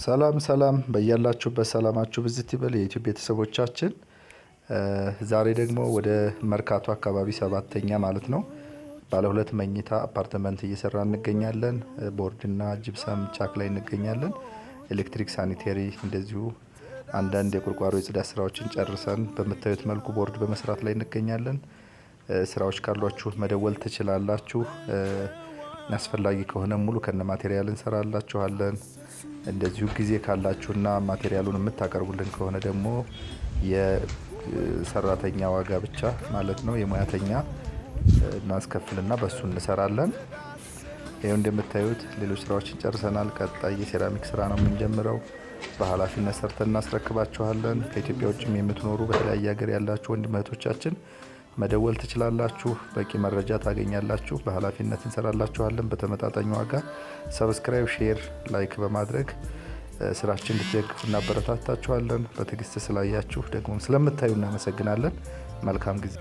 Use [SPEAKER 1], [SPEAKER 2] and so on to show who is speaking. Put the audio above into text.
[SPEAKER 1] ሰላም ሰላም በያላችሁበት ሰላማችሁ ብዝት ይበል የኢትዮ ቤተሰቦቻችን። ዛሬ ደግሞ ወደ መርካቶ አካባቢ ሰባተኛ ማለት ነው ባለ ሁለት መኝታ አፓርትመንት እየሰራ እንገኛለን። ቦርድና ጅብሰም ቻክ ላይ እንገኛለን። ኤሌክትሪክ፣ ሳኒቴሪ እንደዚሁ አንዳንድ የቁርቋሮ የጽዳት ስራዎችን ጨርሰን በምታዩት መልኩ ቦርድ በመስራት ላይ እንገኛለን። ስራዎች ካሏችሁ መደወል ትችላላችሁ። አስፈላጊ ከሆነ ሙሉ ከነ ማቴሪያል እንሰራላችኋለን። እንደዚሁ ጊዜ ካላችሁና ማቴሪያሉን የምታቀርቡልን ከሆነ ደግሞ የሰራተኛ ዋጋ ብቻ ማለት ነው የሙያተኛ እናስከፍልና በሱ እንሰራለን። ይኸው እንደምታዩት ሌሎች ስራዎችን ጨርሰናል። ቀጣይ የሴራሚክ ስራ ነው የምንጀምረው። በኃላፊነት ሰርተን እናስረክባችኋለን። ከኢትዮጵያ ውጭም የምትኖሩ በተለያየ ሀገር ያላችሁ ወንድም እህቶቻችን መደወል ትችላላችሁ። በቂ መረጃ ታገኛላችሁ። በኃላፊነት እንሰራላችኋለን በተመጣጣኝ ዋጋ። ሰብስክራይብ፣ ሼር፣ ላይክ በማድረግ ስራችን እንድትደግፉ እናበረታታችኋለን። በትዕግስት ስላያችሁ ደግሞ ስለምታዩ እናመሰግናለን። መልካም ጊዜ